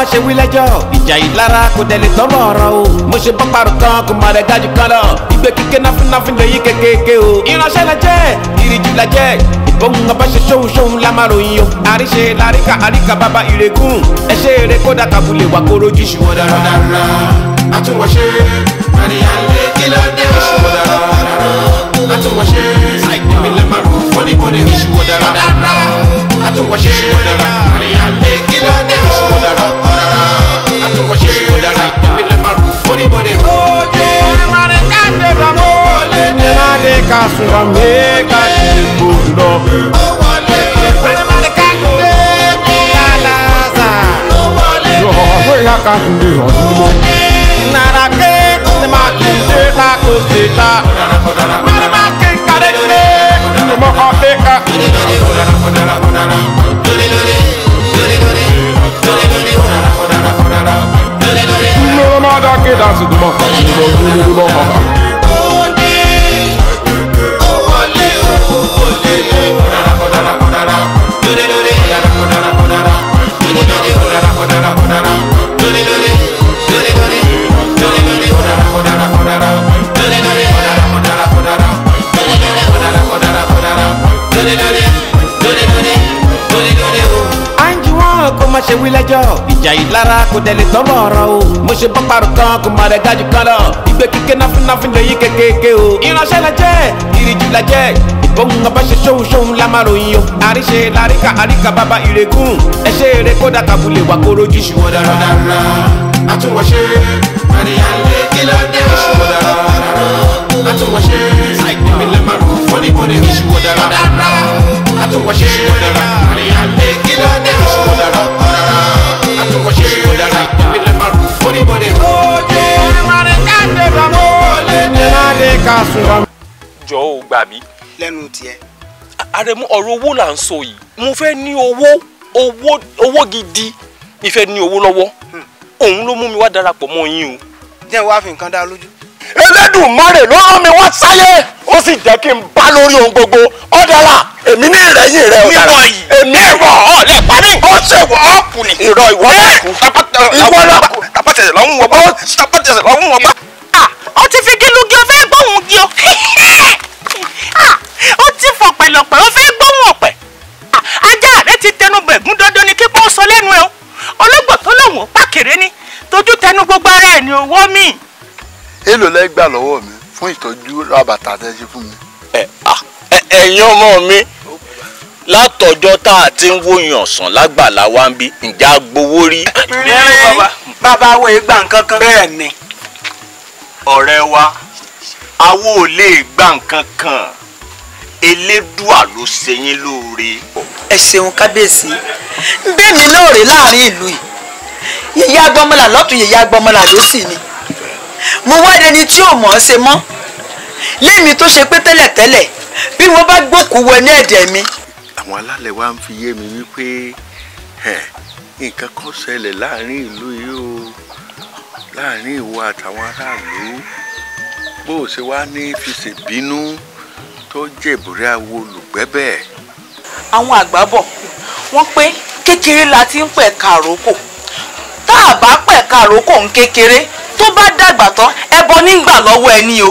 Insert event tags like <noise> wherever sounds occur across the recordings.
má ṣe wí lẹ́jọ́ ìjà ìlara kò tẹ̀lé tọ́mọ̀ ọ̀rọ̀ o mo ṣe bọ́ parọ́ kan kò mọ̀ rẹ̀ dájú kan lọ ìgbé kíké náfínnáfín lè yí kékeré o ìránṣẹ́ la jẹ́ ìrìjù la jẹ́ ìbòhùn ọba ṣe ṣóhun ṣóhun la máa ròyìn o àríṣe láríkà àríkà bàbá ìrègùn ẹ ṣe eré kódà kàbulè wà kó rojú ìṣùwọ̀n dára. dára àtúnwọ̀ṣe àríyá lè kí ló dé ìṣùwọ̀n dára àtúnwọ̀ṣe àìpínlẹ̀ márùn-ún fọ́nìkọ́ni ìṣùwọ̀n dára àtúwọ̀ṣe ó dára àríyànlé kí ló dé ó dára ó dára àtúwọ̀ṣe ó dára ìpínlẹ̀ márùn fúnibọ̀dẹ̀ ó dé. ìmọ̀ràn káàdé bàbá ó lé dé. ìmọ̀ràn káàsùn bàbá mẹ́ẹ̀ká ti lè gbòòrò lọ. ya ka kunde ọdún mọ. Nara ke ma kunde ta ko se ta. Mọ̀rọ̀ ma kí n kàdé dé. Mọ̀kọ́. danse do mal, do do do do Hold on, hold on. kó má ṣe wí lẹ́jọ́ ìjà yìí lára kò dẹ̀lẹ̀ tọ́mọ̀ ọ̀rọ̀ o mo ṣe bọ́ parọ́ kan kò má rẹ̀ gájú kan lọ ìgbé kíké náfínnáfín lè yí kékeré o ìránṣẹ́ la jẹ́ ìrìjù la jẹ́ ìbọn ọba ṣe ṣóhun ṣóhun la máa ròyìn o àríṣe láríkà àríkà bàbá ìrègùn ẹ ṣe eré kódà kàbùlẹ̀ wà kóró jù ṣùgbọ́n dára. àtúwọ̀ṣe àríyànlé kí ló dé o. I don't lẹ́mọ̀rù fọ́nìbọ̀nì ìṣùwọ̀dára àtúnwọ̀ṣe ìṣùwọ̀dára àríyá lé kílódé ìṣùwọ̀dára àtúnwọ̀ṣe ìṣùwọ̀dára ìpínlẹ̀ lẹ́mọ̀rù fọ́nìbọ̀nì. oye mari káde bàbá olè ní adé ká sùn. jọ ò gbà mí. lẹ́nu tiẹ̀. àrẹ̀mú ọ̀rọ̀ owó là ń sọ yìí mo fẹ́ ní owó owó owó gidi ìfẹ́ ní owó lọ́wọ́ hmm. òun ló mú mi wá darapọ̀ mọ́ yín o. jẹ́ wàá fi nǹkan dá lójú ebedu ló rán mi wá sáyé ó sì jẹ́ kí n bá lórí ohun gbogbo ọ̀dàlà èmi ní ìrẹ̀yìn rẹ̀ ọ̀dàlà èmi ìwọ̀ ọ̀lẹ̀ parí. ó ṣe wọ́ fẹ́ gbà lọ́wọ́ mi fún ìtọ́jú rabata tẹ́ ṣe fún mi. ẹ ẹ̀yin ọmọ mi látọjọ́ tá a ti ń wòyàn sàn lágbàlá wa ń bí ǹjẹ́ a gbowó rí. bàbá wo ìgbà nǹkan kan. bẹ́ẹ̀ ni ọ̀rẹ́ wa awo ò lè gbà nǹkan kan elédùà ló ṣe yín lóore. ẹ ṣeun kábíyèsí bẹ́ẹ̀ mi náà láàrin ìlú yìí yèyí agbọmọlà lọ́tún yèyí agbọmọlà ló sì ni mo wá dẹni tí ò mọ̀ ọ́ ṣe mọ́ lémi tó ṣe pé tẹ́lẹ̀tẹ́lẹ̀ bí mo bá gbókùú wọ ní ẹ̀dẹ̀ mi. àwọn alálẹ̀ wa ń fi yé mi wípé nǹkan kan ṣẹlẹ̀ láàrin ìlú yìí o láàrin ìwọ àtàwọn aráàlú bó o ṣe wá ní fìṣe bínú tó jẹ̀bùrẹ́ awo olùgbẹ́bẹ̀. àwọn àgbà bọ̀ wọ́n pé kékeré la ti ń pẹ̀ka àrókò tá a bá pẹ̀ka àrókò ń kékeré tó bá dàgbà tán ẹbọ nígbà lọ́wọ́ ẹni o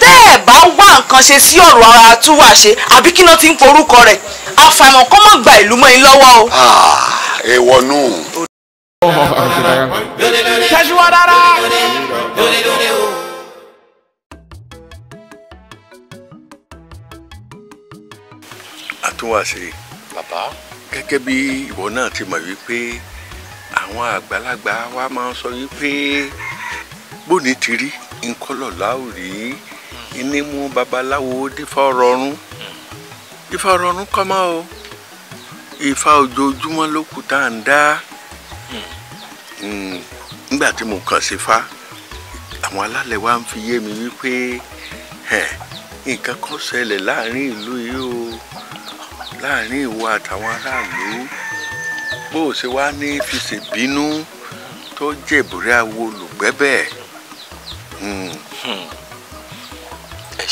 tẹ́ ẹ̀ bá wá nǹkan ṣe sí ọ̀rọ̀ ara túwà ṣe àbí kí náà ti ń forúkọ rẹ̀ àfàìmọ̀ kọ́ mọ̀ gba ìlú mọ́ in lọ́wọ́ o. Ah, èèwọ̀ nù. tẹ̀síwá bàbá gẹ́gẹ́ bí ìwọ náà ti mọ̀ wípé àwọn àgbàlagbà wa máa ń sọ wípé. bóni ti rí nkọlọ̀ láwùrí ẹni mú babaláwo dífá ọrọ̀run dífá o ìfá ojoojúmọ́ ló kù tá à ń dá hmm. nígbà tí mo kàn sí fa àwọn alálẹ̀ wa ń fi yé mi wípé nǹkan kan ṣẹlẹ̀ láàrin ìlú yìí o láàrin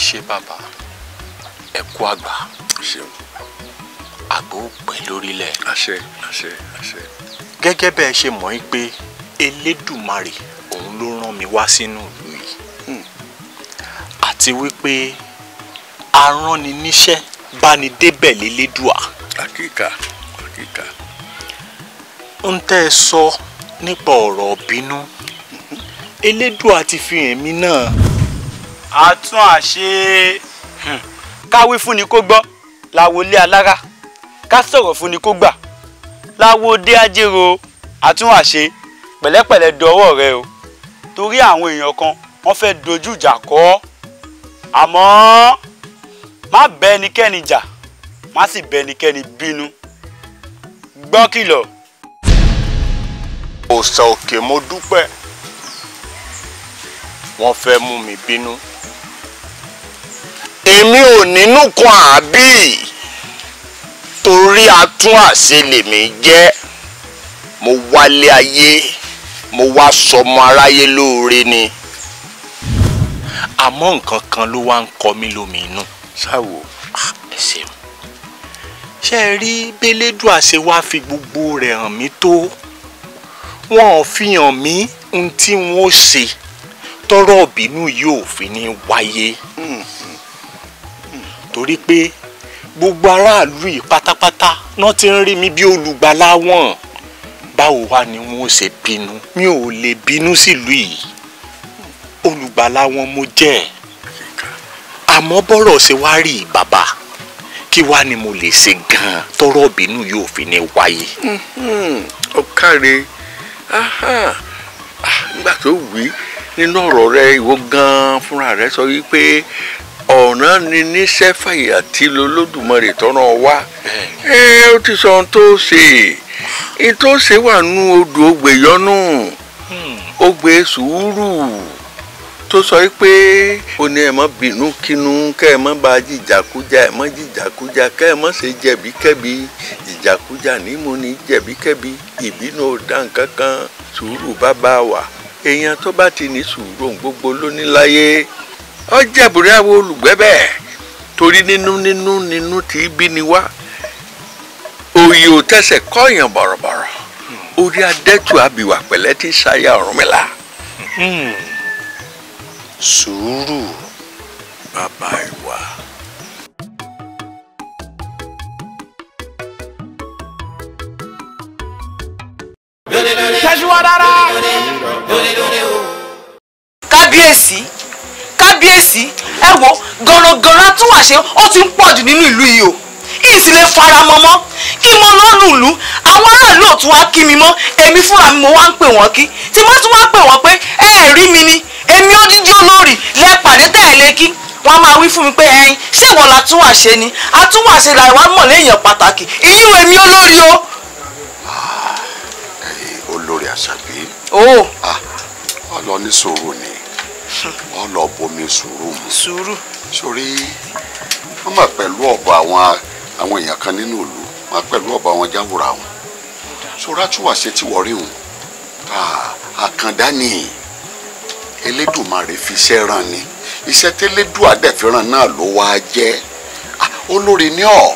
ṣé bàbá ẹ kú àgbà àgbà ó pẹ́ lórílẹ̀. àṣẹ àṣẹ àṣẹ. gẹ́gẹ́ bẹ́ẹ̀ ṣe mọ̀ ẹ́ pé elédùmarè òun ló rán mi wá sínú ìlú yìí hmm. àti wípé aránni níṣẹ́ báni débẹ̀ lélédùà. àkíkà àkíkà. ń tẹ́ ẹ sọ nípa ọ̀rọ̀ bínú hmm. elédùà ti fi hàn mí náà àtún àṣe hmm, káwé fún ni kó gbọ́ láwọlé alára ká sọ̀rọ̀ fún ni kó gbà láwọdé ajérò àtún àṣe pẹ̀lẹ́pẹ̀lẹ́ dọwọ́ rẹ o torí àwọn èèyàn kan wọ́n fẹ́ dojú ìjà kọ́ ọ́ àmọ́ má bẹ ẹnikẹ́ni jà má sì bẹ ẹnikẹ́ni bínú gbọ́ kìlọ̀. òòṣà òkè mo dúpẹ́ wọ́n fẹ́ mú mi bínú èmi ò nínú kan àbí torí atún àṣẹ lèmi jẹ́ mo wálé ayé mo wá sọmọ aráyé lóore ni. àmọ́ nǹkan kan ló wá ń kọ mí lómi inú. ṣáwo ah, ẹ ṣeun. ṣé ẹ rí bẹ́lẹ́dùà ṣe wá fi gbogbo rẹ̀ hàn mí tó wọn ò fi hàn mí ohun tí wọn ó ṣe tọrọ ìbínú yóò fi ní wáyé. Mm torí pé gbogbo aráàlú yìí pátápátá náà ti ń rí mi bí olùgbàlà wọn báwo wá ni wọn ò ṣe bínú mi ò lè bínú sílùú yìí olùgbàlà wọn mo jẹ́ àmọ́ bọ́rọ̀ ṣe wá rí bàbá kí wá ni mo lè ṣe gan-an tọrọ bínú yóò fi ní wáyé. ọ̀kàrẹ́ ah, nígbà tó wí nínú ọ̀rọ̀ rẹ ìwọ gan-an fúnra rẹ sọ wípé ọ̀ràn ni níṣẹ́ fàyà tí lolódùmarè tọ́nà wá ẹ ó ti sọ ohun tó ṣe ohun tó ṣe wà nú odò ògbè yọnú ògbè hmm. sùúrù tó sọ pé ó ní ẹ má bínú kínú kẹ́ ẹ má ba jìjàkújà ẹ má jìjàkújà kẹ́ ẹ má ṣe jẹ̀bíkẹ́bi jìjàkújà ní mo ní jẹ̀bíkẹ́bi ìbínú ò dá nǹkan kan sùúrù bàbá èèyàn tó bá ti ní sùúrù gbogbo lóníláyé ọjà bùrẹ́ àwọn olùgbẹ́bẹ̀ torí nínú nínú nínú tí bí ni wá òye ò tẹ̀sẹ̀ kọ́yàn bọ̀rọ̀bọ̀rọ̀ orí adẹ́tù àbíwá pẹ̀lẹ́ tí sáyà Ọ̀rúnmìlà. Hmm. sùúrù bàbá ìwà. tẹ̀síwá rárá kábíyèsí kábíyèsí ẹ wo gànràngànrà àtúwàṣe ó ti ń pọ̀ jù nínú ìlú yìí o ìsì lè fara mọ́ mọ́ kí mo lọ lùlù àwọn aráàlú ò tún wá kí mi mọ́ èmi fúnra mi mo wá ń pè wọ́n kí tí mo tún wá pè wọ́n pé ẹ rí mi ni èmi odidi olórí lẹ́pàdé tẹ̀lé kí wọ́n máa wí fún mi pé ẹyin ṣé ìwọ la tún wà ṣe ni a tún wà ṣe làwọn mọ̀ léèyàn pàtàkì ìyún èmi olórí o. Ah, olórí àṣàbí oh. ah, ọlọ́ní sòwò ni wọ́n lọ bomi sùúrù. sùúrù. sórí wọ́n máa pẹ̀lú ọ̀bọ àwọn àwọn èèyàn kan nínú ìlú wọ́n pẹ̀lú ọ̀bọ àwọn jáwòrán wọn. sórí àtúwàṣe tí wọ́n rí wọn àkàndá ni elédùnmarè fi iṣẹ́ ràn ni iṣẹ́ tẹ́lẹ́dùà dẹ̀ fi ràn náà ló wáá jẹ́ olórí ni ọ́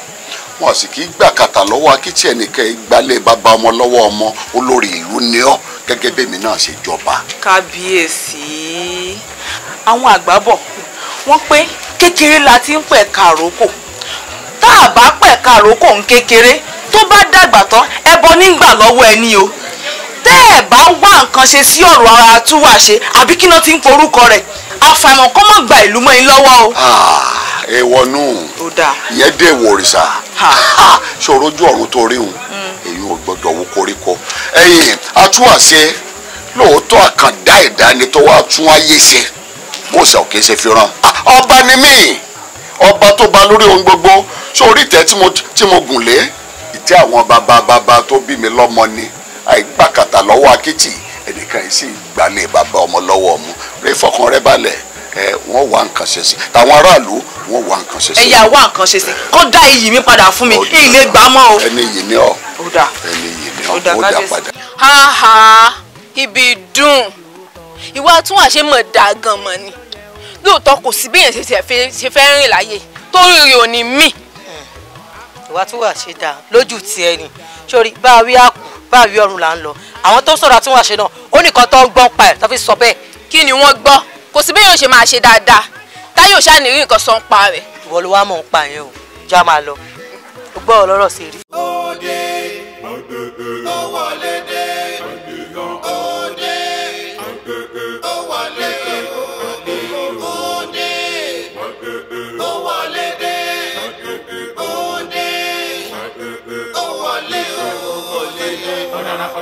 wọn sì kì í gbà kàtà lọ́wọ́ akitì ẹnìkan ìgbálẹ̀ bàbá ọmọ lọ́wọ́ ọmọ olórí ìlú ni ọ́ gẹ́gẹ́ bẹ́mi náà ṣe jọba. kábíyèsí àwọn àgbà bọ̀ wọ́n pé kékeré la ti ń pẹ̀ka àrókò tá a bá pẹ̀ka àrókò ń kékeré tó bá dàgbà tán ẹbọ nígbà lọ́wọ́ ẹni o tẹ́ ẹ̀ bá wá nǹkan ṣe sí ọ̀rọ̀ ara túwà ṣe àbí kí náà ti ń porúkọ rẹ̀ àfàìmọ̀ kọ́ mọ̀ gba ìlú mọ́ yín lọ́wọ́ o. èèwọ̀ nù ìyẹn dé ìwọ òrìṣà ṣòro ojú ọ̀run tó rí hun mm. èyí ò gbọdọ̀ wo koríko ẹ̀yìn atúwàṣe lóòótọ́ àkàndá ẹ̀dá ni tó wá tún ayé ṣe mọ̀ọ́sẹ̀ ò kì í ṣe fi ràn ọba ni mí ọba tó ba lórí ohun gbogbo sórí ìtẹ́ tí mo gùn lé ìtẹ́ àwọn bàbá bàbá tó bí mi lọ́mọ ni àìgbàkàtà lọ́wọ́ akitì ẹnìkan yìí sì gbalẹ̀ bàbá ọmọ lọ́wọ́ ọmọ rẹ fọkàn rẹ balẹ̀ ẹ wọn wá nǹkan ṣe sí tàwọn aráàlú wọn wá nǹkan ṣe sí. ẹyà wá nǹkan ṣe sí kó dá iyì mi padà fún mi kí ilé gbà mọ́ o. ẹni yìí ni ọ ẹni yìí ni ọ ó dà padà. ha ha ibi dùn ìwà tún àṣẹ mọ̀ dáa gan mọ̀ ni lóòótọ́ kò sí bẹ́ẹ̀ ṣẹ̀ṣẹ̀ ṣe fẹ́ rìn láyè tó rírì ò ní mí. ìwà tún wà ṣe dáa lójú tiẹ̀ ni sórí bá a wí àkù bá a wí ọrùn là ń lọ àwọn tó sọ̀rọ̀ àtúnwà ṣe náà ó nìkan tó ń gbọ́n pa ẹ̀ tó fi sọ bẹ́ẹ̀. kí ni wọ́n gbọ́ kò sí bẹ́ẹ̀ yóò ṣe máa ṣe dáadáa táyọ̀ ṣáà ní rí nǹkan sọ ń pa rẹ̀. ìwọ ló wá mọ̀ ń pa yẹn o já máa lọ gbọ́ ọ̀rọ̀ sí rí. ó dé ó wọ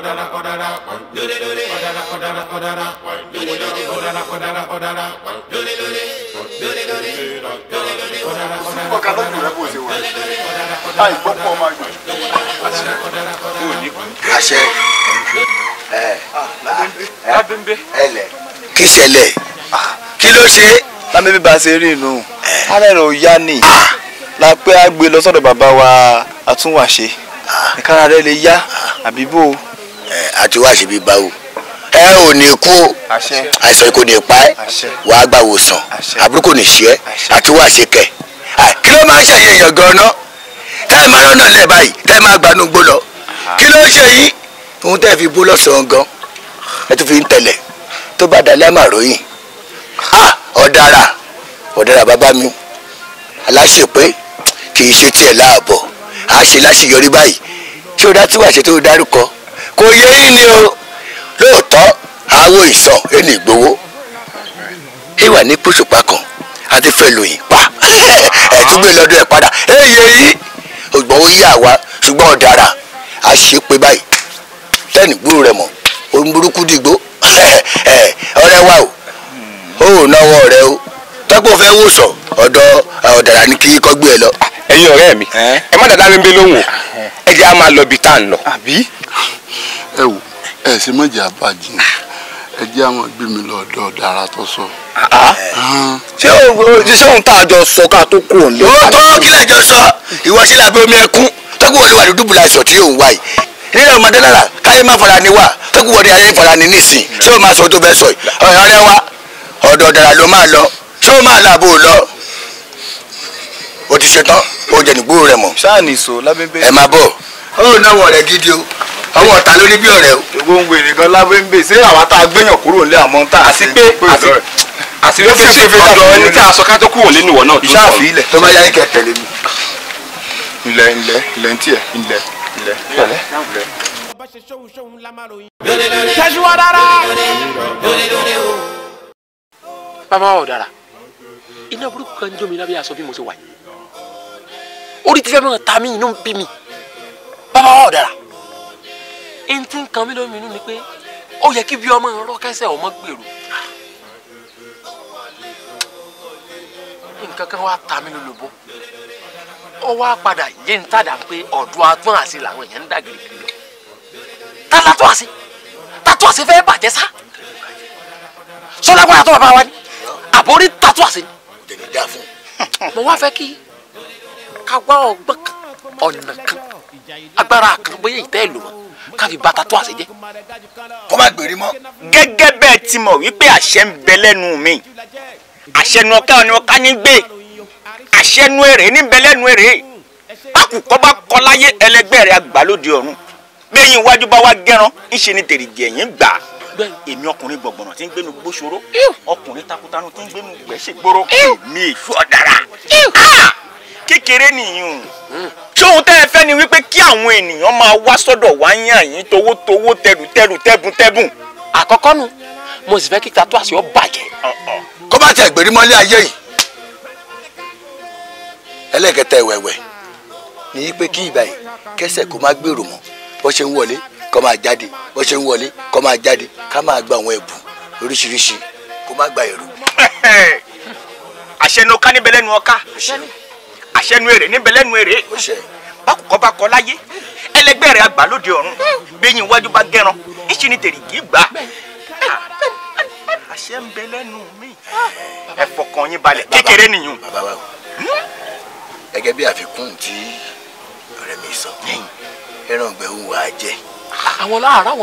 kodara kodara lule lule kodara kodara kodara lule lule kodara kodara kodara lule lule lule lule lule lule kodara kodara ọkà ló kùnà bó ṣe wà láì gbọ́ pọ̀ máa jù. àṣẹ yóò ní kú. àṣẹ ẹ ah, lábẹ́ńbẹ́ ẹ lẹ kí ṣẹlẹ̀ ah, kí ló ṣe. lábẹ́ńbẹ́ bá a ṣe rí inú ara ẹ̀rọ ya ni ah. la pé a bàbá wa àtúnwàṣe ìkára rẹ̀ lè yá àbí àti wá ṣe bí báwo ẹ ò ní kú o àìsàn kò ní pa ẹ wà á gbà wòsàn àbúrò kò ní ṣe ẹ àti wá ṣe kẹ kí ló máa ń ṣẹyìn èèyàn gan ná tá ẹ máa rán lẹ báyìí tá ẹ máa gbanú gbó lọ ah. kí ló ń ṣe yìí òun tẹ́ fi bó lọ́sàn gan ẹ tún fi ń tẹ̀lẹ̀ tó bá dalẹ́ màròyìn ọ̀daràn ọ̀daràn bàbá mi aláṣepé kì í ṣe tiẹ̀ láàbọ̀ àṣe báyìí ṣé o dá tí wàá ṣe tó dárúkọ kò yẹ yín ni o lóòótọ́ àwo ìsàn ẹni ìgbowó ìwà ní pùsùpá kan àti fẹ́ pa ẹ̀túgbé lọ́dún ẹ̀ padà ẹ̀yẹ yìí ògbọ́n ó ṣùgbọ́n a ṣe pé báyìí lẹ́nu gbúrú rẹ̀ mọ̀ ohun burúkú dìgbò ọ̀rẹ́ wa o ò náwó o tọ́pọ̀ fẹ́ wòsàn ọ̀dọ̀ ọ̀dàrà ni kí ẹ̀yin ọ̀rẹ́ mi ẹ má dàda mi ń bẹ lóhùn ẹ jẹ́ a máa lọ ibi tá à ń lọ. àbí. ẹ wò ẹ sì mọ̀ jẹ́ àbájì ẹ jẹ́ àwọn gbé mi lọ ọ̀dọ̀ ọ̀dàrà tó sọ. Ah, ah. ṣé òun tá a jọ sọ ká tó kú òun lé. ó tó kílẹ̀ jọ sọ ìwọ sílẹ̀ abẹ́ omi ẹkún tọ́kùn wọlé wà ní dúbùlà ìṣọ̀ tí yóò wá yìí nílẹ̀ ọmọdé náírà káyé má fara ni wá tọ́kùn wọlé ayé fara ni nísìn ṣé o máa sọ tó bẹ́ẹ̀ sọ yìí ọ̀rẹ́ wa ọ̀dọ̀ ọ̀dàrà ló máa lọ ṣé o máa làbò lọ o ti ṣe tán o jẹ nígbó rẹ mọ. sáàni so lábẹ́ńbẹ́. ẹ máa bọ̀ ó náwó rẹ gidi o àwọn ọ̀tá ló ní bí ọ̀rẹ́ o. gbogbo ń wèrè gan lábẹ́ńbẹ́ ṣé àwa tá a gbẹ̀yàn kúrò nílé àmọ́ tá a ti pé àti ló fi ṣe fi ọ̀dọ̀ ẹni tá a sọ ká tó kúrò nínú ìwọ náà tó sọ. ìṣáà fi ilẹ̀ tó bá yá ike tẹ̀lé mi. ilẹ̀ ilẹ̀ ilẹ̀ ntí ẹ̀ ilẹ̀ ilẹ̀ ilẹ̀. tẹ̀síwá dára. bàbá wa ò dára iná burúkú kan jó mi lábẹ́ aṣọ bí mo ṣe wà orí ti fẹ́ mọ̀ ta mí inú ń bí mi bàbá wa ọ̀dàrà ẹni tí ń kan mí lómi inú ni pé ó yẹ kí bí ọmọ rọ kẹsẹ̀ ọmọ gbèrò nǹkan kan wá ta mí lólobó ó wá padà yé ń tàdà pé ọ̀dọ́ atún àṣẹ làwọn èèyàn ń dà gírígírí lọ tàlà tó àṣẹ tàtó àṣẹ fẹ́ bàjẹ́ sá sọlá gbọ́dọ̀ tó bàbá wa ni àbórí tàtó àṣẹ. mo wá fẹ́ kí ká wá ọgbọ́n kan ọ̀nà kan agbára kan bóyá ìtẹ́ ìlú wọn ká fi bàtà tó àṣẹ jẹ. kó má gbèrè mọ́. gẹ́gẹ́ bẹ́ẹ̀ ti mọ̀ wípé àṣẹ ń bẹ lẹ́nu mi àṣẹnu ọ̀kẹ́ ọ̀ni ọ̀ká ní gbé àṣẹnu èrè ní bẹ lẹ́nu èrè bákùkọ́ bá kọ́ láyé ẹlẹgbẹ́ rẹ̀ àgbà lóde ọ̀run bẹ́ẹ̀ yín iwájú bá wá gẹ́rán ńṣe ni tèrìgì ẹ̀yìn gbà èmi ọkùnrin gbọ̀ngbọ̀nà tí ń gbénu gbóṣòro ọkùnrin takuntanú tí ń gbénu gbẹ̀ṣẹ̀gbòrò èmi èṣù ọ̀dàrà kékeré nìyẹn hmm. ṣóhun tẹ́ ẹ fẹ́ ni wípé kí àwọn ènìyàn máa wá sọ́dọ̀ wá yàn yín towótowó tẹrùtẹrù tẹ́bùntẹ́bùn. àkọ́kọ́ nu mo sì fẹ́ kí tattoo àṣeyọ bàjẹ́. kó bá tẹ ìgbèrí mọ́lé ayé yìí ẹlẹ́kẹta ẹ̀wẹ̀wẹ̀ ní pé kí ìgbà yìí kẹsẹ̀ kó má gbèrò mọ́ bó ṣe ń wọlé kó máa jáde bó ṣe ń wọlé kó máa jáde ká máa gba àwọn ẹ̀bùn oríṣiríṣi kó má gba èrò. àṣẹ ni ọká níbẹ̀ lẹ́nu ọká. àṣẹ ni àṣẹnu èrè níbẹ̀lẹ́nu èrè bákùkọ bá kọ láyé ẹlẹgbẹ́ rẹ̀ àgbà lóde ọ̀run gbẹ̀yìn hmm. iwájú bá gẹran ìṣe ni tèrè kì í gbà ah, àṣẹ ń bẹ lẹ́nu mi ah. ẹ fọkàn yín balẹ̀ kékeré nìyẹn. bàbá wa hmm? gẹ́gẹ́ bí àfikún tí ọ̀rẹ́ mi sọ hmm. ẹran ọgbẹ́ òun wà á jẹ. Ah, àwọn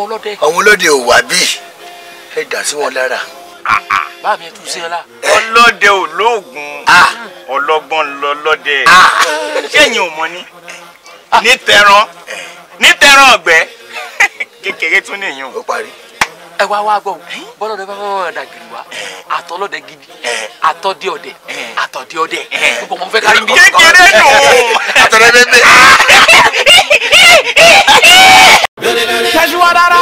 ọlọ́dẹ. àwọn ọlọ́dẹ ò wà bíi ẹ dà sí wọn lára bá mi tún sí ẹ la. ọlọ́dẹ olóògùn ah. ah. ọlọ́gbọ́n lọ́lọ́dẹ ah. ṣẹ́yìn ò mọ ni ní tẹran ọ̀gbẹ́ kékeré tún nìyẹn ó parí ẹ wá wá gbọ́ bọ́lọ́dẹ bá wọ́n dàgìrì wá àtọ́lọ́dẹ gidi àtọ́dẹ ọdẹ àtọ́dẹ ọdẹ gbogbo ọmọ fẹ́ kárí bí. kékeré nù. àtọ́dẹ bẹ́ẹ̀ bẹ́ẹ̀. tẹ̀síwájú rárá.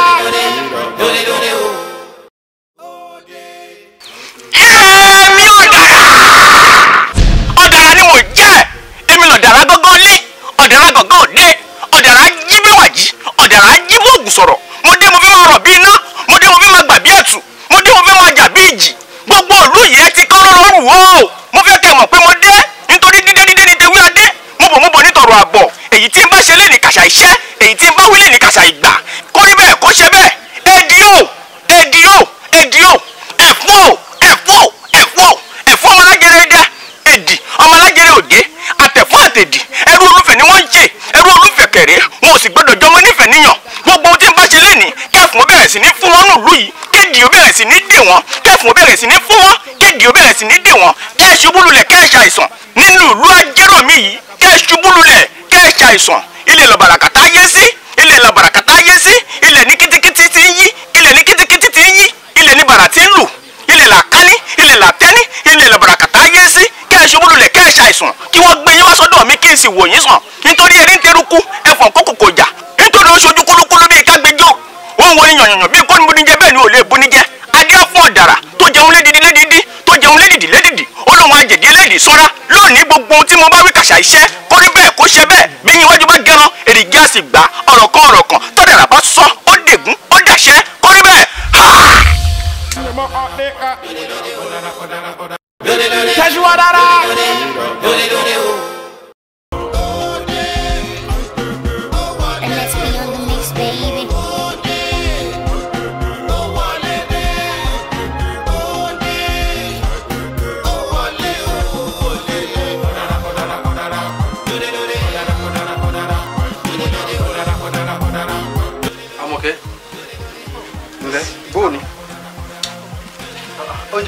rèé mo ò sì gbọ́dọ̀ jọmọ nífẹ̀ẹ́ níyàn gbogbo ohun tí n bá ṣe lẹ́nìí kẹfùn bẹ̀rẹ̀ sí ní fún wọn nùlú yìí kéèdì ó bẹ̀rẹ̀ sí ní dè wọn kẹfùn bẹ̀rẹ̀ sí ní fún wọn kéèdì ó bẹ̀rẹ̀ sí ní dè wọn kẹ́ ẹ ṣubú lulẹ̀ kẹ́ ẹ ṣàìsàn nínú ìlú ajéròmí yìí kẹ́ ẹ ṣubú lulẹ̀ ilé lọ́bàràkàtà yé sí ilé lọ́bàràkàtà yé sí ilé ní kítíkítí ti ń yí ilé ní kítíkítí ti ń yí ilé ní bàrà ti ń lù ilé làkání ilé làtẹ́ní ilé lọ́bàràkàtà yé sí kẹ́ ẹ ṣubú lulẹ̀ kẹ́ ẹ ṣàìsàn kí wọ́n gbé mi kí n sì wò eruku ẹfọ̀n kókò kò jà nítorí ó ṣojú kúlúkúlú bíi kágbẹjọ òun wo yànyànyàn bíi kọ́ni bunijẹ bẹ́ẹ̀ ni ò lè bunijẹ adé fún ọ̀dàrà tó jẹun lédìdí lédìdí tó jẹun lédìdí lédìdí olóhùn àjèjì eléyìí sọ́ra lónìí gbogbo ohun tí mo bá wí kàṣà iṣẹ́ kó rí bẹ́ẹ̀ kó ṣe bẹ́ẹ̀ bí yín iwájú bá gẹran èrìgì àsì gbà ọ̀rọ̀ kan ọ̀rọ̀ kan tó bá sọ ó dègún ó dẹ̀ṣẹ́ kó rí bẹ́ẹ̀. tẹ̀síwájú rárá.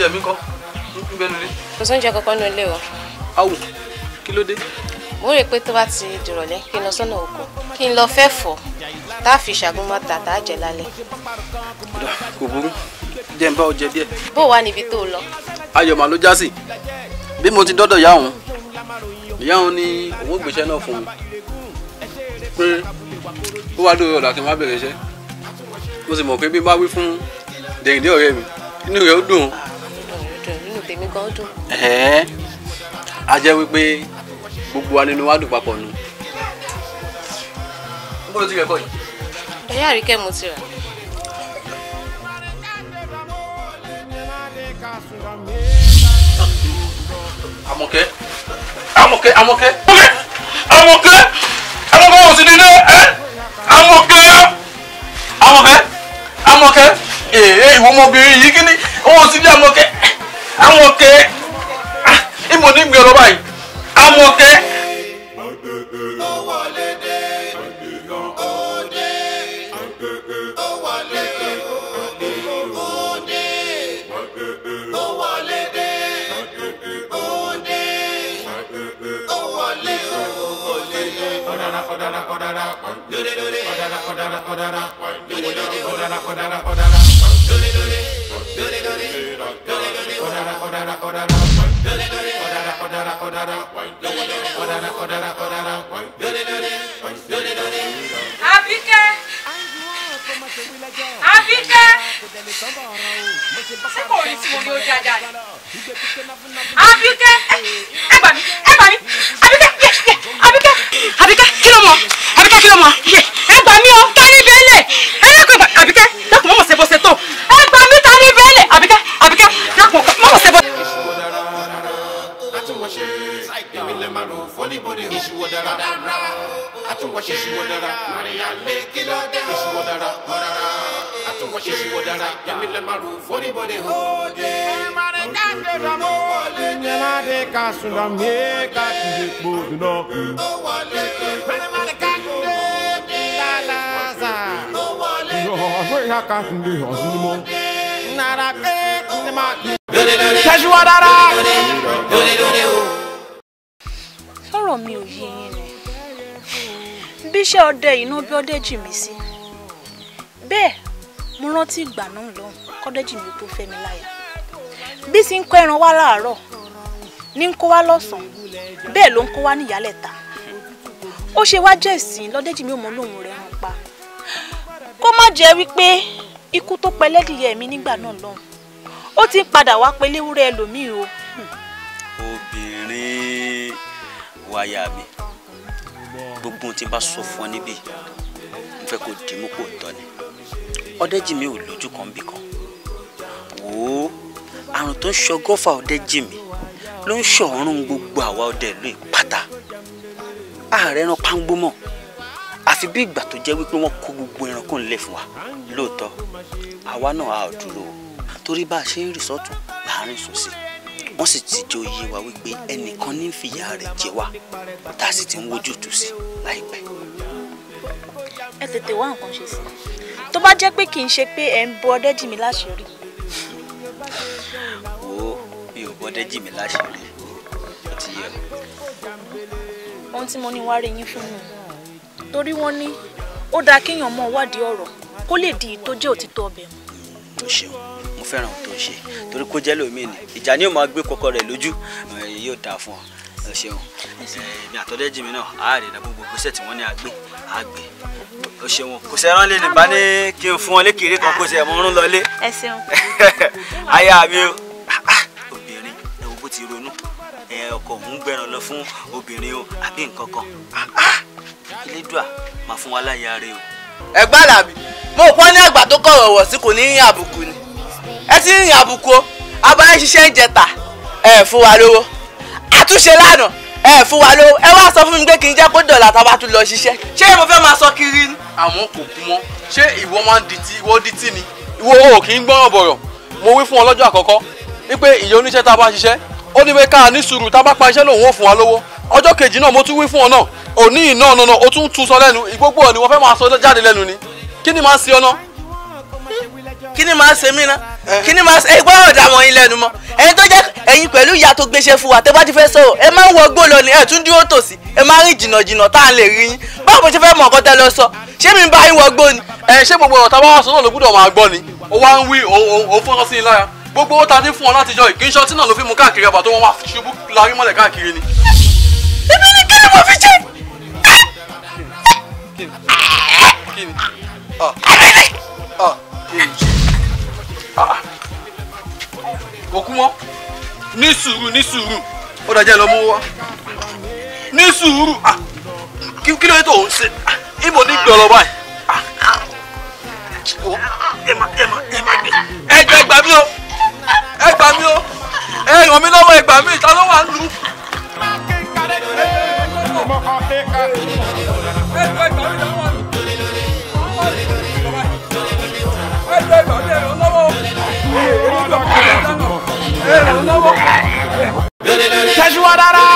oúnjẹ mi kọ́ ń bẹnu lé. kò sóúnjẹ kankan nínú ilé o. awo kí ló dé. mo rè pé tó bá ti dìrọ̀lẹ́ kí n lọ sọ́nà oko kí n lọ fẹ́ fọ̀ tá a fi ṣàgúnmọ́ ta tá a jẹ lálẹ́. kódà kò burú jẹ́ n bá ọ jẹ díẹ̀. bó wà níbi tó lọ. ayọ̀ ló já sí bí mo ti dọ́dọ̀ yá òun ìyá òun ní owó gbèsè náà fún un pé ó wá lórí ọ̀la kí n má bẹ̀rẹ̀ iṣẹ́ mo sì mọ̀ pé bí n bá wí fún dèrèdè ọ̀rẹ́ mi inú rẹ̀ ó dùn ún tèmi gan dùn. ẹ̀ẹ́ a jẹ́ wípé gbogbo wa nínú wa dùn papọ̀ nù. bó ló ti kẹ́kọ̀ọ́ yìí. ẹ̀yà àríkẹ́ mo ti rà. Àmọ̀kẹ́ Àmọ̀kẹ́ Àmọ̀kẹ́ Àmọ̀kẹ́ Àmọ̀kẹ́ ò sí ní ilé ẹ Àmọ̀kẹ́ Àmọ̀kẹ́ Àmọ̀kẹ́ èè ìwọ yìí kí ni òun ò sí ní Àmọ̀kẹ́ ìmọ̀ ní ìgbìyànjú báyìí Àmọ̀kẹ́. Dole dole, dole dole, dole dole. Àbíkẹ́ Àbíkẹ́ ṣé kò rí tí mo ní ó dáadáa ni Àbíkẹ́ ẹ gbà mí ẹ gbà mí Àbíkẹ́ Àbíkẹ́ Àbíkẹ́ kí ló mọ Àbíkẹ́ kí ló mọ ẹ gbà mí o ká níbi ilé ẹ lọ́kùnrin Àbíkẹ́ lọ́kùnrin mọ̀ ṣe bó ṣe tó. wọ́n ṣe ṣùwọ́ dára. Màríyá lé kí ló dé o. Ṣùwọ́ dára ọ̀rara. Àtúwọ̀ ṣe ṣùwọ́ dára. Yàmi lè máa rò fọ́nìbọ̀dé Ode Òde Màríyá lè rà mọ́ wọlé ní. Màdé ká sùnà mí ká kì í po dùnà. Ó wọlé. Màríyá ká lè dé. Lálàzà. Ó wọlé. Ọ̀gbẹ́ ìyá ká sùn lè hàn sí mọ́. Nàrà pé ní máa kì í. Ṣé ṣùwọ́ dára? Sọ̀rọ̀ mi ò yé yín ni bí iṣẹ́ ọdẹ inú bí ọdẹ jì mí sí bẹ́ẹ̀ mo rántí ìgbà náà lọ́hùn kọ́dẹ́ jì mí tó fẹ́ mi láyà bí sì ń kọ́ ẹran wá láàárọ̀ ní ń kó wá lọ́sàn-án bẹ́ẹ̀ ló ń kó wá níyálẹ̀ta ó ṣe wá jẹ́ ìsìn lọ́dẹ́jì mi ò mọ lóhùn rẹ̀ hàn pa kó má jẹ́ wípé ikú tó pẹ́ lẹ́dìyẹ mi nígbà náà lọ́hùn ó ti ń padà wá pe léwúrẹ́ ẹlòmíì o. obìnrin wáyà mi gbogbo ohun tí n bá sọ fún ọ níbí n fẹ́ kó dì mú kó tọ́ ni ọdẹ́jìmí ò lójú kan bì kan wò ó àrùn tó ń ṣọgọ́fà ọdẹ́jìmí ló ń ṣọ̀run gbogbo àwa ọdẹ ìlú ìpátá ààrẹ ẹran páńgbó mọ́ àfi bí ìgbà tó jẹ́ wípé wọ́n kó gbogbo ẹranko ńlẹ̀ fún wa lóòótọ́ àwa náà a ò dúró torí bá a ṣe ń rìsọ́ọ̀tù láàrin sùn sí wọ́n sì ti jẹ́ oyè wa wípé ẹnìkan ní fìyà rẹ̀ jẹ wá tá a sì ti ń wójútùú sí láìpẹ́. ẹ tètè wá nǹkan ṣe sí tó bá jẹ́ pé kì í ṣe pé ẹ ń bò ọdẹ́jì mi láṣìírí. wo mi ò bò ọdẹ́jì mi láṣìírí ó ti yẹ. ohun tí mo ní wá rí yín fún mi torí wọ́n ní ó dáa kéèyàn mọ wádìí ọ̀rọ̀ kó lè di ìtójẹ́ òtítọ́ ọbẹ̀ mu. o ṣeun fẹ́ràn tó ń ṣe torí kó jẹ́ lómi ni ìjà ni yóò máa gbé kọ́kọ́ rẹ̀ lójú yóò dáa fún ọ ẹ ṣeun èmi àtọ́lẹ́ jìmí náà àárè náà gbogbo gbèsè tí wọ́n ní àgbè àgbè ó ṣeun kò sẹ́ran lè ní bá ní kí n fún ọ lékeré kan kó sẹ́ mọ́rún lọlé ẹ ṣeun <laughs> aya mi o obìnrin ẹ wo ti ronú ẹ ọkọ òun gbẹran lọ fún obìnrin o àbí nǹkan kan elédùà máa fún wa láyà rẹ o. ẹ gbàdà mi mo pọ́n ní àgbà tó kọ̀ ọ̀wọ̀ sí kò ní àbùkù ẹ ti ń rìn àbùkù abáyé ṣiṣẹ́ ń jẹta ẹ fún wa lówó àtúnṣe lánàá ẹ fún wa lówó ẹ wá sọ fún mi pé kì í jẹ́ kó dọ̀là tá a bá tún lọ ṣiṣẹ́ ṣé mo fẹ́ máa sọ kiri ni. àmọ́ kò kú mọ́ ṣé ìwọ máa ń di tí ìwọ di tí ni ìwọ o kì í gbọ́ràn bọ̀rọ̀ mo wí fún ọ lọ́jọ́ àkọ́kọ́ wípé ìyá oníṣẹ́ tá a bá ṣiṣẹ́ ó ní pé ká ní sùúrù tá a bá pa iṣẹ́ lòun ò fún wa lówó ọjọ́ kejì náà mo tún wí fún ọ náà òní ìná ọ̀nà ó tún tún sọ lẹ́nu ìgbógbó ọ̀ ni wọ́n fẹ́ máa sọ jáde lẹ́nu ni kí ni máa ń ṣe ọ náà. kí ni máa ń ṣe mí náà kí ni màá ẹ gbọ́dọ̀ dà wọ́n yín lẹ́nu mọ́ ẹni tó jẹ́ ẹ̀yin pẹ̀lú ìyá tó gbéṣẹ́ fún wa tẹ́ bá ti fẹ́ sọ̀rọ̀ ẹ máa ń wọ gbó lọ ní ẹ̀ tún dúró tòsí ẹ máa ń rìn jìnnà jìnnà tá à ń lè rí yín báwo mo ṣe fẹ́ mọ̀ ọ̀kọ́ tẹ́ lọ sọ ṣé mi bá yín wọ gbó ni. ẹ ṣé gbogbo ọ̀rọ̀ tá a bá wà sọ́nà ló gbọ́dọ̀ máa gbọ́ ni ó wá ń wí òun fọ́nrán sí i lára gbogbo owó ta ní fún ọ láti jọ ìkí tí náà ló fi mú káàkiri ọba tó wọ́n wá ṣubú larí mọ́lẹ̀ káàkiri ni. èmi ni kí mo fi jẹ. kí ni kí ni kò ah. kú mọ́ ní sùúrù ní sùúrù ó dájẹ́ lọ mú wá ní sùúrù ah. kí ló yẹ tó ń ṣe ah. ibo ní gbọ̀lọ̀ báyìí ẹ má ẹ má ẹ má gbé ẹ jẹ́ ẹ gbà mí o ẹ gbà mí o ẹ ràn mí lọ́wọ́ ẹ gbà ìta ló wà ń lu. rárá.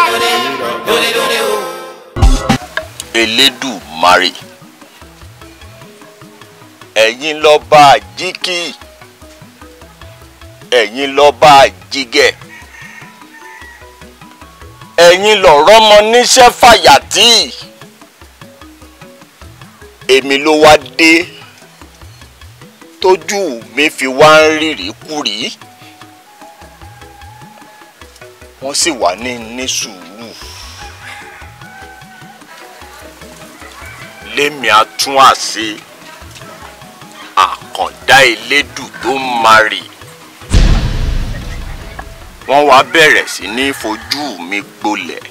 Elédùmarè ẹ̀yin lọ́ba àjíkì ẹ̀yin lọ́ba àjígẹ̀ ẹ̀yin lọ̀rọ̀ mọ níṣẹ́ fàyàtì èmi ló wá dé tójú mi fi wá ń rírì kúrì wọ́n sì wà ní ní sùúrù lémi atún àṣe àkàndá elédùn tó marì wọ́n wá bẹ̀rẹ̀ sí ní fojú mi gbolẹ̀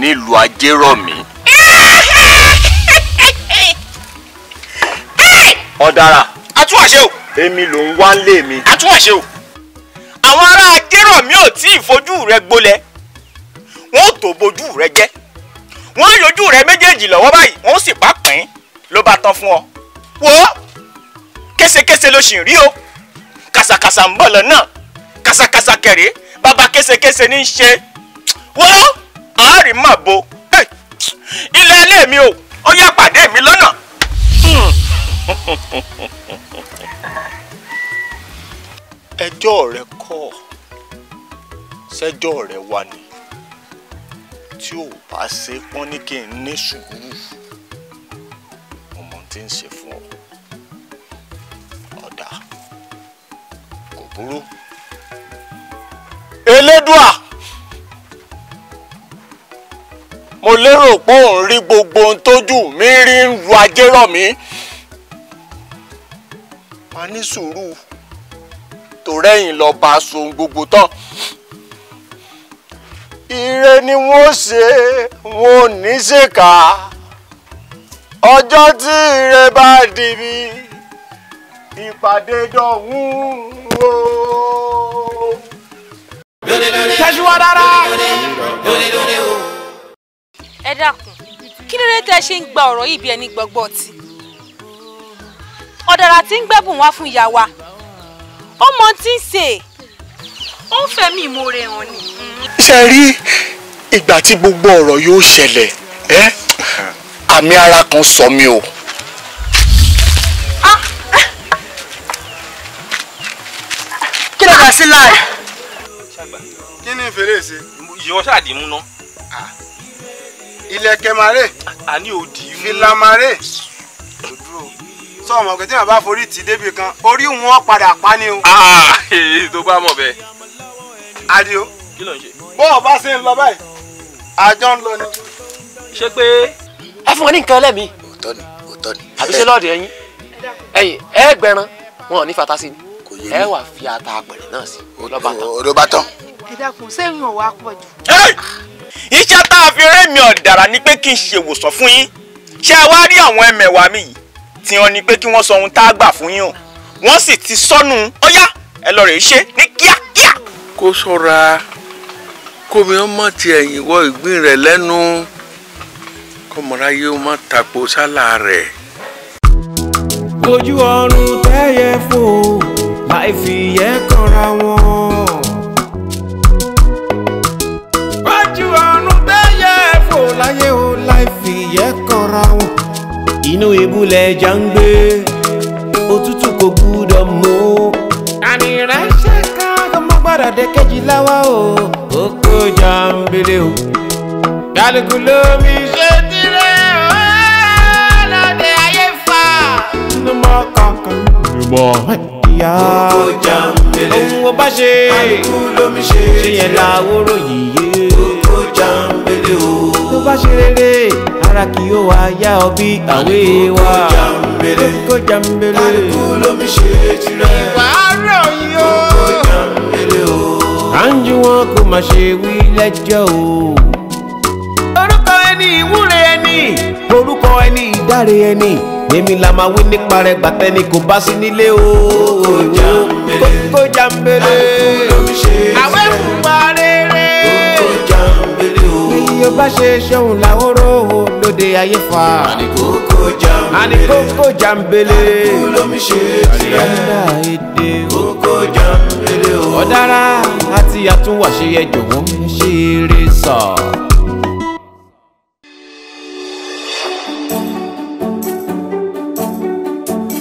nílùú ajérọ̀mí. ọ̀daràn. atún àṣe o. èmi ló ń wá lé mi. atún àṣe o àwọn ará ajérọ̀mí ò tí ì fojú rẹ gbolẹ̀ wọn ò tó bojú rẹ jẹ́ wọn yọjú rẹ méjèèjì lọ́wọ́ báyìí wọn ó sì bá pín ló bá tán fún ọ wo késekése ló sì ń rí o kàsàkàsà ń bọ̀ lọ́nà kàsàkàsà kẹ̀rẹ́ bàbá késekése ní í ṣe wo àárín mà bo ilẹ̀ ilé mi o ó yá pàdé mi lọ́nà. Hmm. <laughs> ẹjọ́ rẹ kọ́ sẹ́jọ́ rẹ̀ wà ní tí ò bá ṣe pọ́n ní kí n ní sùúrù ọmọ tí ń ṣe fún ọ ọ̀dà kò burú elédùà mo lérò pé òun rí gbogbo ohun tójú mi rí ń ru ajé rọ̀ mí má ní sùúrù tó rẹ́yìn lọ bá aṣọ ohun gbogbo tán ire ni wọ́n ṣe wọn ò ní ṣèkà ọjọ́ tí ire bá dìbì ìpàdé dọ̀hún o. tẹ̀síwá rárá. ẹ dákun kí ló dé tẹ́ ṣe ń gba ọ̀rọ̀ yìí bí ẹni gbọ́gbọ́ ọtí ọ̀dàrà tí ń gbẹ́bùn wá fún ìyá wa ó mọ tí ń ṣe ó fẹ̀mí ìmoore hàn ni. ṣe rí ìgbà tí gbogbo ọ̀rọ̀ yóò ṣẹlẹ̀ ẹ́ àmì ara kan sọ mí o. Ah! kí ló kà sí láì. kí ni ìfèrè ṣe. yọ ṣáàdì mú ná. Ah, ilẹ̀kẹ̀ mare. àní òdì mú. filamare sọ ọmọ pé tí wọn bá forí tì débi kan orí wọn padà pa ni o. Ah, ah, tó bá mọ̀ bẹ́ẹ̀. adio kí ló ń ṣe. bọ́ọ̀ bá ṣe ń lọ báyìí àjọ ń lọ ni. ṣé pé. ẹ fún wọn ní nǹkan ẹlẹ́mìí. òótọ́ ni òótọ́ ni. àbí ṣe lọ́ọ̀dì ẹyin ẹyin ẹ gbẹran wọn ò ní fata sí ni ẹ wà fi ata apẹ̀rẹ̀ náà sí lọ́ba tán. odò bá tán. ẹ dákun sẹ́yìn ò wá pọ̀ jù. iṣẹ́ tá a fi rẹ́mi ọ̀dàrà ni pé kí n ṣèwòsàn fún yín ṣé ẹ wá rí àwọn ẹmẹ̀wà mi yìí tiwọn ni pé kí wọ́n sọ ohun tá a gbà fún yín o wọ́n sì ti sọnù ọ̀yá ẹ lọ rèé ṣe ní kíákíá. kó ṣọ́ra kómi ọmọ ti ẹ̀yìn wọ ìgbín rẹ̀ lẹ́nu kọmọráyé ó má tako sálà rẹ̀. ojú ọ̀run tẹ́yẹ fò láì fi yẹ kanra wọn. ojú ọ̀run tẹ́yẹ fò láyé ó láì fi yẹ kanra wọn inú ebú lẹja ń gbé òtútù kò gbúdọ̀ mú. àní rẹ̀ ṣe ká ọmọ gbọ́dọ̀ dé kejìlá wa o ó kó jàǹbẹ̀lẹ̀ o kálukú lómi ṣe tirẹ̀ lọ́dẹ ayé fa. numọ kankan numọ ìyá ó kó jàǹbẹ̀lẹ̀ ohun ọba ṣe kálukú lómi ṣe ṣe yẹn làwòrò yìí ṣe rere ara kì yóò wá yá ọ bí àwé wa kó jàmbélé kálukú lómi ṣe tirẹ̀ ìwà rẹ̀ yó kó jàmbélé o. à ń ju wọn kó má ṣe wí lẹ́jọ́ o. orúkọ ẹni ìwúre ẹni orúkọ ẹni ìdáre ẹni èmi la máa wí nípa rẹ̀ gbàtẹ́ni kò bá sí nílé o. kó jàmbélé kálukú lómi ṣe tirẹ̀ àwẹ̀ fún wa báyọ̀ bá ṣe ṣeun làwòrò lóde ayé fa. àníkókò jàmbélé àníkókò jàmbélé lómi ṣe tiẹ̀ èdè kókò jàmbélé o. ọ̀daràn àti àtúwàṣe ẹjọ́ wọn ṣeré sọ.